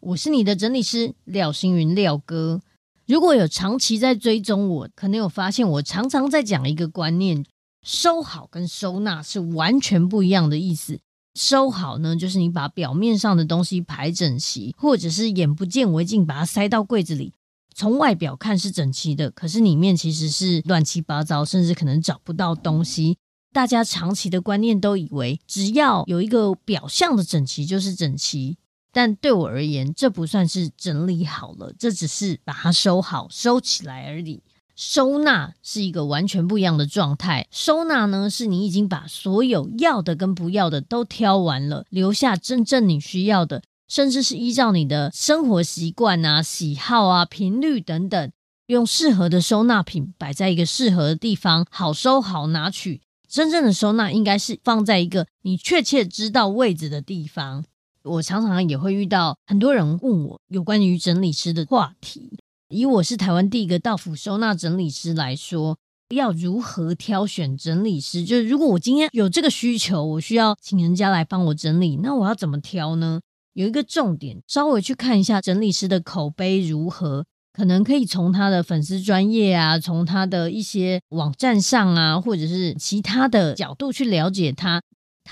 我是你的整理師廖星雲廖哥。如果有長期在追蹤我，可能有發現我常常在講一個觀念：收好跟收納是完全不一樣的意思。收好呢，就是你把表面上的東西排整齊，或者是眼不見為淨，把它塞到櫃子裡，從外表看是整齊的，可是裡面其實是亂七八糟，甚至可能找不到東西。大家長期的觀念都以為，只要有一個表象的整齊，就是整齊。但對我而言，這不算是整理好了，這只是把它收好、收起來而已。收納是一個完全不一樣的狀態。收納呢，是你已經把所有要的跟不要的都挑完了，留下真正你需要的，甚至是依照你的生活習慣啊、喜好啊、頻率等等，用適合的收納品擺在一個適合的地方，好收好拿取。真正的收納應該是放在一個你確切知道位置的地方。我常常也會遇到很多人問我有關於整理師的話題。以我是台灣第一個到府收納整理師來說，要如何挑選整理師？就是如果我今天有這個需求，我需要請人家來幫我整理，那我要怎麼挑呢？有一個重點，稍微去看一下整理師的口碑如何，可能可以從他的粉絲專頁啊，從他的一些網站上啊，或者是其他的角度去了解他。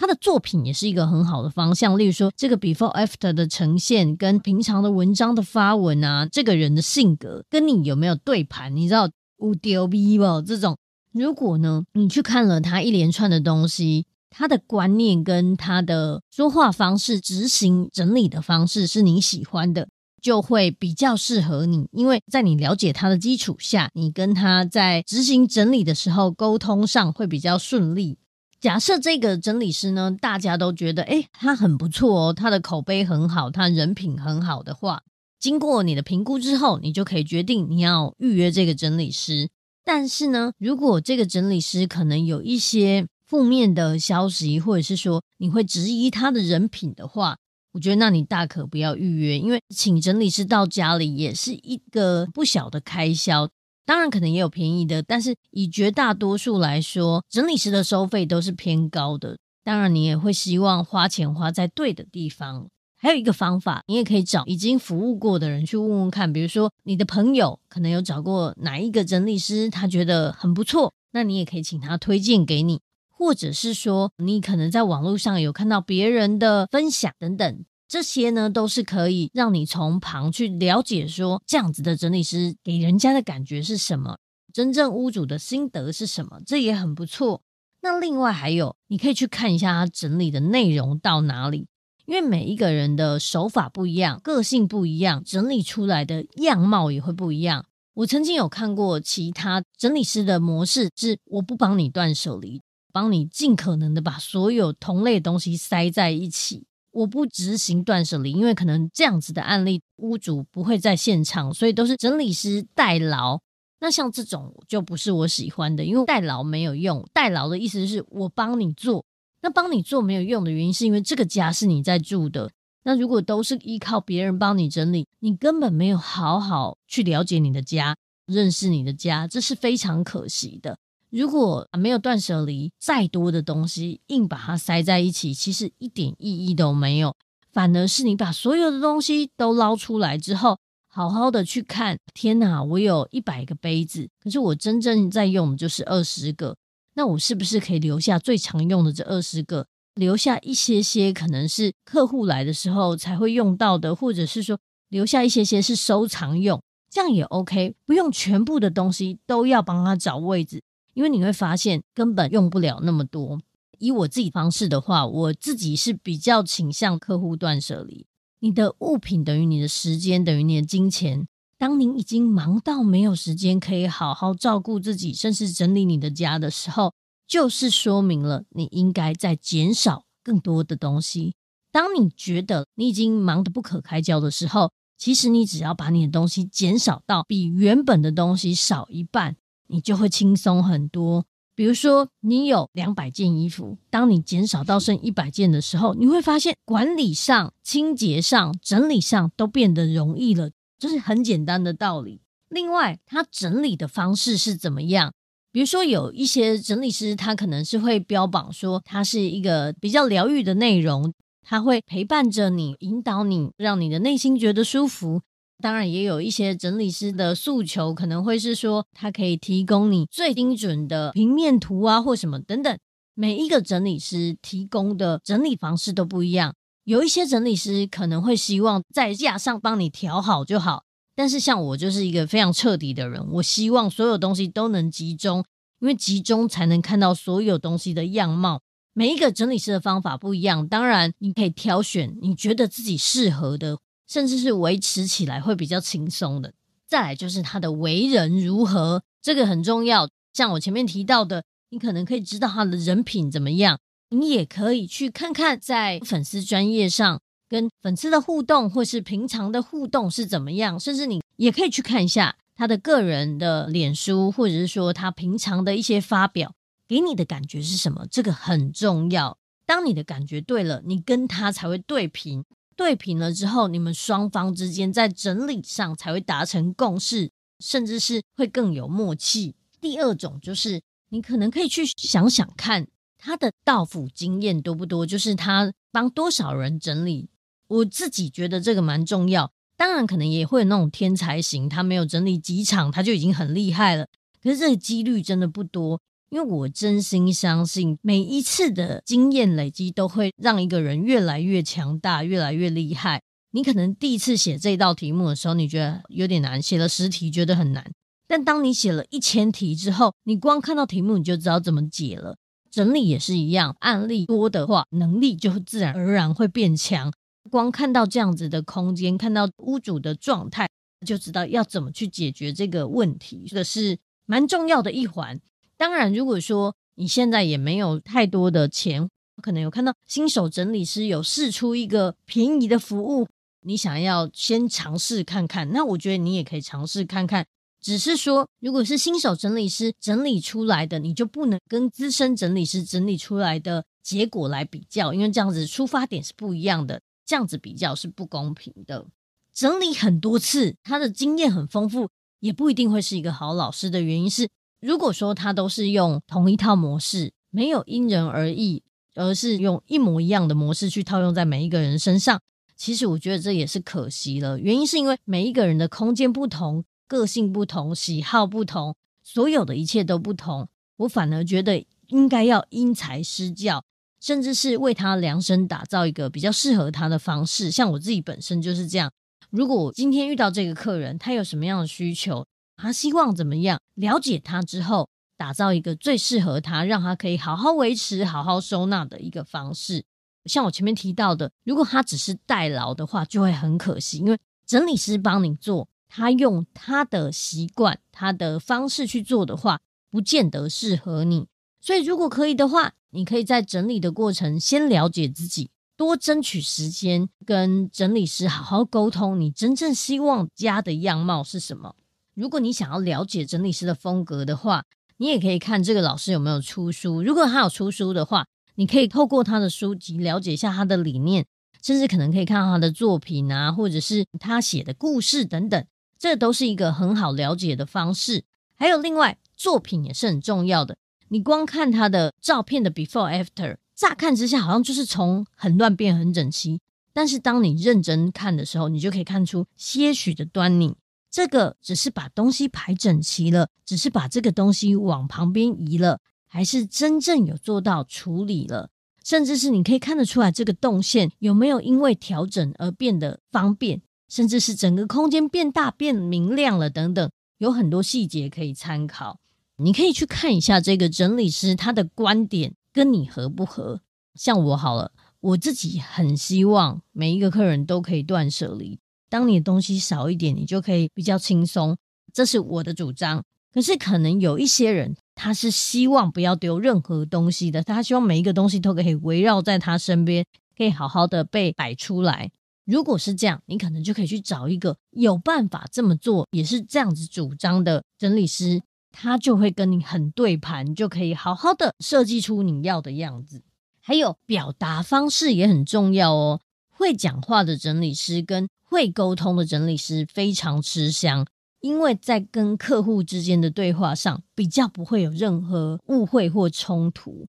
他的作品也是一個很好的方向，例如說這個 before after 的呈現，跟平常的文章的發文啊，這個人的性格跟你有沒有對盤？你知道，無丟逼不？這種如果呢，你去看了他一連串的東西，他的觀念跟他的說話方式、執行整理的方式是你喜歡的，就會比較適合你，因為在你了解他的基礎下，你跟他在執行整理的時候溝通上會比較順利。假設這個整理師呢，大家都覺得誒他很不錯哦，他的口碑很好，他人品很好的話，經過你的評估之後，你就可以決定你要預約這個整理師。但是呢，如果這個整理師可能有一些負面的消息，或者是說你會質疑他的人品的話，我覺得那你大可不要預約，因為請整理師到家裡也是一個不小的開銷。當然可能也有便宜的，但是以絕大多數來說，整理師的收費都是偏高的。當然你也會希望花錢花在對的地方。還有一個方法，你也可以找已經服務過的人去問問看，比如說你的朋友可能有找過哪一個整理師，他覺得很不錯，那你也可以請他推薦給你，或者是說你可能在網絡上有看到別人的分享等等。這些呢，都是可以讓你從旁去了解說，說這樣子的整理師給人家的感覺是什麼，真正屋主的心得是什麼，這也很不錯。那另外還有，你可以去看一下他整理的內容到哪裡，因為每一個人的手法不一樣，個性不一樣，整理出來的樣貌也會不一樣。我曾經有看過其他整理師的模式是，我不幫你斷捨離，幫你盡可能的把所有同類的東西塞在一起。我不執行斷捨離，因為可能這樣子的案例，屋主不會在現場，所以都是整理師代勞。那像這種就不是我喜歡的，因為代勞沒有用。代勞的意思是我幫你做，那幫你做沒有用的原因是因為這個家是你在住的。那如果都是依靠別人幫你整理，你根本沒有好好去了解你的家，認識你的家，這是非常可惜的。如果沒有斷舍離，再多的東西硬把它塞在一起，其實一點意義都沒有。反而是你把所有的東西都撈出來之後，好好的去看。天哪，我有一百個杯子，可是我真正在用的就是二十個。那我是不是可以留下最常用的這二十個？留下一些些可能是客戶來的時候才會用到的，或者是說留下一些些是收藏用，這樣也 OK。不用全部的東西都要幫他找位置。因為你會發現根本用不了那麼多。以我自己的方式的話，我自己是比較傾向客戶斷捨離。你的物品等於你的時間，等於你的金錢。當你已經忙到沒有時間可以好好照顧自己，甚至整理你的家的時候，就是說明了你應該在減少更多的東西。當你覺得你已經忙得不可開交的時候，其實你只要把你的東西減少到比原本的東西少一半。你就會輕鬆很多。比如說，你有兩百件衣服，當你減少到剩一百件的時候，你會發現管理上、清潔上、整理上都變得容易了，這是很簡單的道理。另外，他整理的方式是怎麼樣？比如說，有一些整理師，他可能是會標榜說他是一個比較療癒的內容，他會陪伴着你，引導你，讓你的內心覺得舒服。當然也有一些整理師的訴求，可能會是說他可以提供你最精準的平面圖啊，或什麼等等。每一個整理師提供的整理方式都不一樣，有一些整理師可能會希望在架上幫你調好就好，但是像我就是一個非常徹底的人，我希望所有東西都能集中，因為集中才能看到所有東西的樣貌。每一個整理師的方法不一樣，當然你可以挑選你覺得自己適合的。甚至是維持起來會比較輕鬆的。再來就是他的為人如何，這個很重要。像我前面提到的，你可能可以知道他的人品怎麼樣，你也可以去看看在粉絲專頁上跟粉絲的互動，或是平常的互動是怎麼樣。甚至你也可以去看一下他的個人的臉書，或者是說他平常的一些發表，給你的感覺是什麼？這個很重要。當你的感覺對了，你跟他才會對盤。對平了之後，你們雙方之間在整理上才會達成共識，甚至是會更有默契。第二種就是，你可能可以去想想看，他的到府經驗多不多，就是他幫多少人整理。我自己覺得這個蠻重要，當然可能也會有那種天才型，他沒有整理幾場他就已經很厲害了，可是這個幾率真的不多。因為我真心相信，每一次的經驗累積都會讓一個人越來越強大，越來越厲害。你可能第一次寫這道題目的時候，你覺得有點難；寫了十題覺得很難，但當你寫了一千題之後，你光看到題目你就知道怎麼解了。整理也是一樣，案例多的話，能力就自然而然會變強。光看到這樣子的空間，看到屋主的狀態，就知道要怎麼去解決這個問題，這個是蠻重要的一環。當然，如果說你現在也沒有太多的錢，可能有看到新手整理師有釋出一個便宜的服務，你想要先嘗試看看，那我覺得你也可以嘗試看看。只是說，如果是新手整理師整理出來的，你就不能跟資深整理師整理出來的結果來比較，因為這樣子出發點是不一樣的，這樣子比較是不公平的。整理很多次，他的經驗很豐富，也不一定會是一個好老師的原因是。如果說他都是用同一套模式，沒有因人而異，而是用一模一樣的模式去套用在每一個人身上，其實我覺得這也是可惜了。原因是因為每一個人的空間不同，個性不同，喜好不同，所有的一切都不同。我反而覺得應該要因材施教，甚至是為他量身打造一個比較適合他的方式。像我自己本身就是這樣。如果我今天遇到這個客人，他有什麼樣的需求？他希望怎麼樣？了解他之後，打造一個最適合他，讓他可以好好維持、好好收納的一個方式。像我前面提到的，如果他只是代勞的話，就會很可惜。因為整理師幫你做，他用他的習慣、他的方式去做的話，不見得適合你。所以，如果可以的話，你可以在整理的過程先了解自己，多爭取時間，跟整理師好好溝通，你真正希望家的樣貌是什麼。如果你想要了解整理師的風格的話，你也可以看這個老師有沒有出書。如果他有出書的話，你可以透過他的書籍了解一下他的理念，甚至可能可以看到他的作品啊，或者是他寫的故事等等，這都是一個很好了解的方式。還有另外，作品也是很重要的。你光看他的照片的 before after，乍看之下好像就是從很亂變很整齊，但是當你認真看的時候，你就可以看出些許的端倪。這個只是把東西排整齊了，只是把這個東西往旁邊移了，還是真正有做到處理了？甚至是你可以看得出來這個動線有沒有因為調整而變得方便，甚至是整個空間變大變明亮了等等，有很多細節可以參考。你可以去看一下這個整理師他的觀點跟你合不合。像我好了，我自己很希望每一個客人都可以斷舍離。當你的東西少一點，你就可以比較輕鬆，這是我的主張。可是可能有一些人，他是希望不要丟任何東西的，他希望每一個東西都可以圍繞在他身邊，可以好好的被擺出來。如果是這樣，你可能就可以去找一個有辦法這麼做，也是這樣子主張的整理師，他就會跟你很對盤，就可以好好的設計出你要的樣子。還有表達方式也很重要哦，會講話的整理師跟會溝通的整理師非常吃香，因為在跟客戶之間的對話上，比較不會有任何誤會或衝突。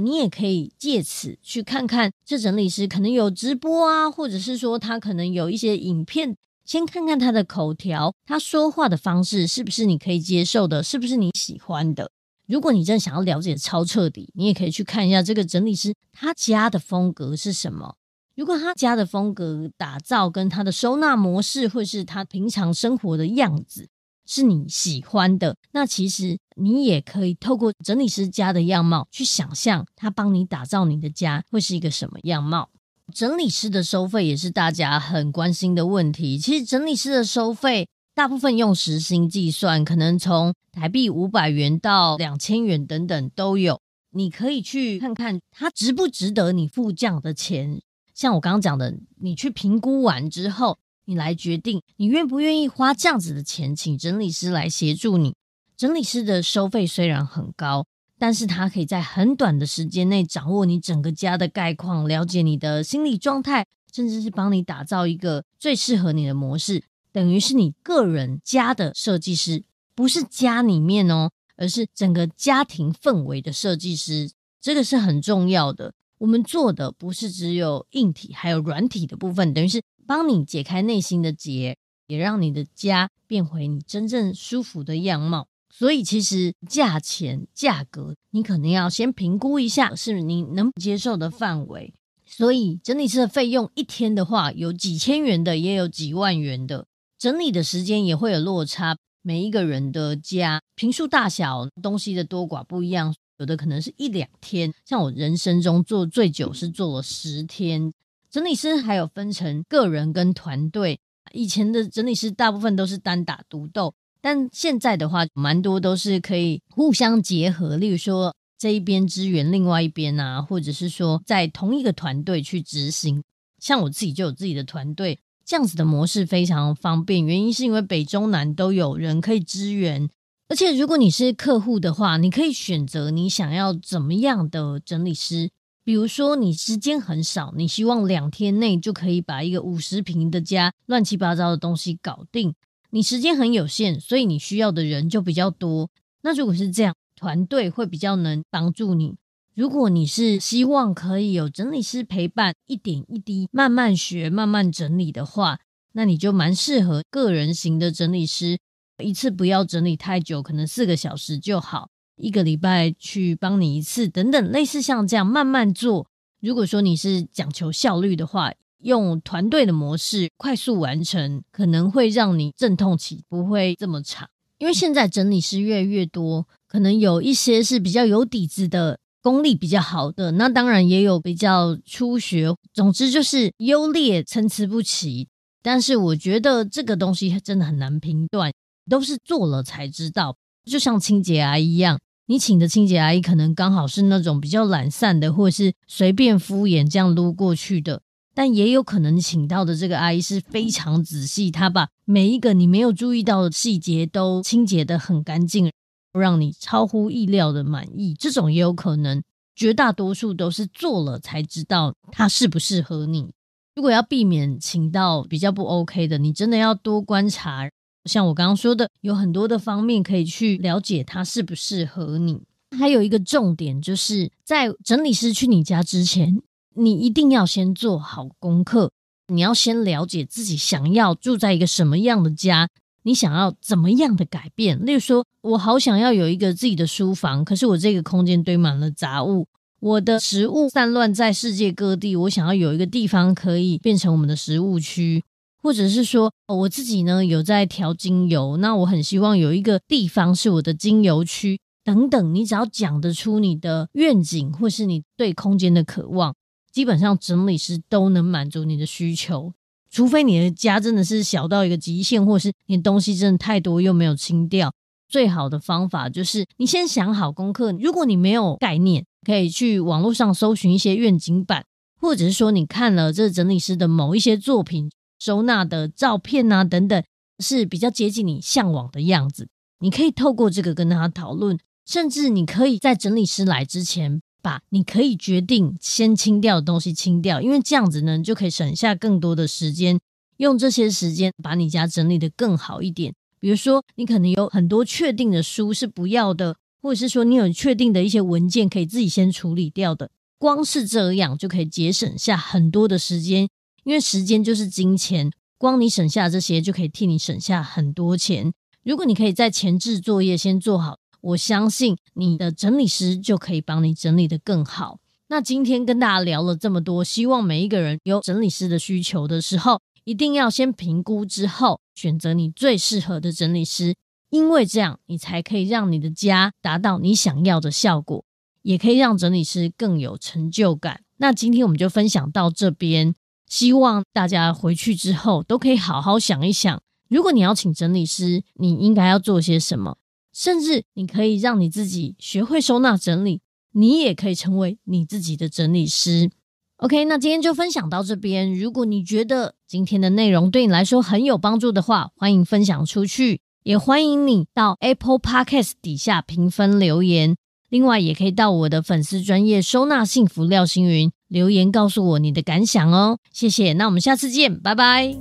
你也可以借此去看看這整理師可能有直播啊，或者是說他可能有一些影片，先看看他的口條，他說話的方式是不是你可以接受的，是不是你喜歡的。如果你真的想要了解超徹底，你也可以去看一下這個整理師他家的風格是什麼。如果他家的風格打造跟他的收納模式，或是他平常生活的樣子是你喜歡的，那其實你也可以透過整理師家的樣貌去想象他幫你打造你的家會是一個什麼樣貌。整理師的收費也是大家很關心的問題。其實整理師的收費大部分用時薪計算，可能從台幣五百元到兩千元等等都有。你可以去看看他值不值得你付這樣的錢。像我剛剛講的，你去評估完之後，你來決定你願不願意花這樣子的錢，請整理師來協助你。整理師的收費雖然很高，但是他可以在很短的時間內掌握你整個家的概況，了解你的心理狀態，甚至是幫你打造一個最適合你的模式，等於是你個人家的設計師，不是家裡面哦，而是整個家庭氛圍的設計師，這個是很重要的。我們做的不是只有硬體，還有軟體的部分，等於是幫你解開內心的結，也讓你的家變回你真正舒服的樣貌。所以其實價錢價格，你可能要先評估一下，是你能接受的範圍。所以整理師的費用一天的話，有幾千元的，也有幾萬元的，整理的時間也會有落差。每一個人的家坪數大小、東西的多寡不一樣。有的可能是一兩天，像我人生中做最久是做了十天。整理師還有分成個人跟團隊，以前的整理師大部分都是單打獨鬥，但現在的話，蠻多都是可以互相結合，例如說這一邊支援另外一邊啊，或者是說在同一個團隊去執行。像我自己就有自己的團隊，這樣子的模式非常方便，原因是因為北中南都有人可以支援。而且，如果你是客戶的話，你可以選擇你想要怎麼樣的整理師。比如說，你時間很少，你希望兩天內就可以把一個五十平的家亂七八糟的東西搞定。你時間很有限，所以你需要的人就比較多。那如果是這樣，團隊會比較能幫助你。如果你是希望可以有整理師陪伴，一點一滴慢慢學、慢慢整理的話，那你就蠻適合個人型的整理師。一次不要整理太久，可能四個小時就好。一個禮拜去幫你一次，等等，類似像這樣慢慢做。如果說你是講求效率的話，用團隊的模式快速完成，可能會讓你陣痛期不會這麼長。因為現在整理師越來越多，可能有一些是比較有底子的，功力比較好的，那當然也有比較初學。總之就是優劣參差不齊。但是我覺得這個東西真的很難評斷。都是做了才知道，就像清潔阿姨一樣，你請的清潔阿姨可能剛好是那種比較懶散的，或是隨便敷衍這樣擼過去的，但也有可能請到的這個阿姨是非常仔細，她把每一個你沒有注意到的細節都清潔得很乾淨，讓你超乎意料的滿意。這種也有可能，絕大多數都是做了才知道他適不適合你。如果要避免請到比較不 OK 的，你真的要多觀察。像我剛剛說的，有很多的方面可以去了解它適不適合你。還有一個重點，就是在整理師去你家之前，你一定要先做好功課。你要先了解自己想要住在一個什麼樣的家，你想要怎麼樣的改變。例如說，我好想要有一個自己的書房，可是我這個空間堆滿了雜物，我的食物散亂在世界各地，我想要有一個地方可以變成我們的食物區。或者是說，哦，我自己呢，有在調精油，那我很希望有一個地方是我的精油區等等。你只要講得出你的願景，或是你對空間的渴望，基本上整理師都能滿足你的需求，除非你的家真的是小到一個極限，或者是你東西真的太多又沒有清掉。最好的方法就是你先想好功課。如果你沒有概念，可以去網絡上搜尋一些願景板，或者是說你看了這整理師的某一些作品。收納的照片吶、啊、等等，是比較接近你嚮往的樣子。你可以透過這個跟他討論，甚至你可以在整理師來之前，把你可以決定先清掉的東西清掉，因為這樣子呢，你就可以省下更多的時間，用這些時間把你家整理得更好一點。比如說，你可能有很多確定的書是不要的，或者是說你有確定的一些文件可以自己先處理掉的。光是這樣就可以節省下很多的時間。因為時間就是金錢，光你省下這些就可以替你省下很多錢。如果你可以在前置作業先做好，我相信你的整理師就可以幫你整理得更好。那今天跟大家聊了這麼多，希望每一個人有整理師的需求的時候，一定要先評估之後選擇你最適合的整理師，因為這樣你才可以讓你的家達到你想要的效果，也可以讓整理師更有成就感。那今天我們就分享到這邊。希望大家回去之後都可以好好想一想，如果你要請整理師，你應該要做些什麼？甚至你可以讓你自己學會收納整理，你也可以成為你自己的整理師。OK，那今天就分享到這邊。如果你覺得今天的內容對你來說很有幫助的話，歡迎分享出去，也歡迎你到 Apple Podcast 底下評分留言。另外，也可以到我的粉絲專頁收納幸福廖心筠。留言告訴我你的感想哦，謝謝。那我們下次見，拜拜。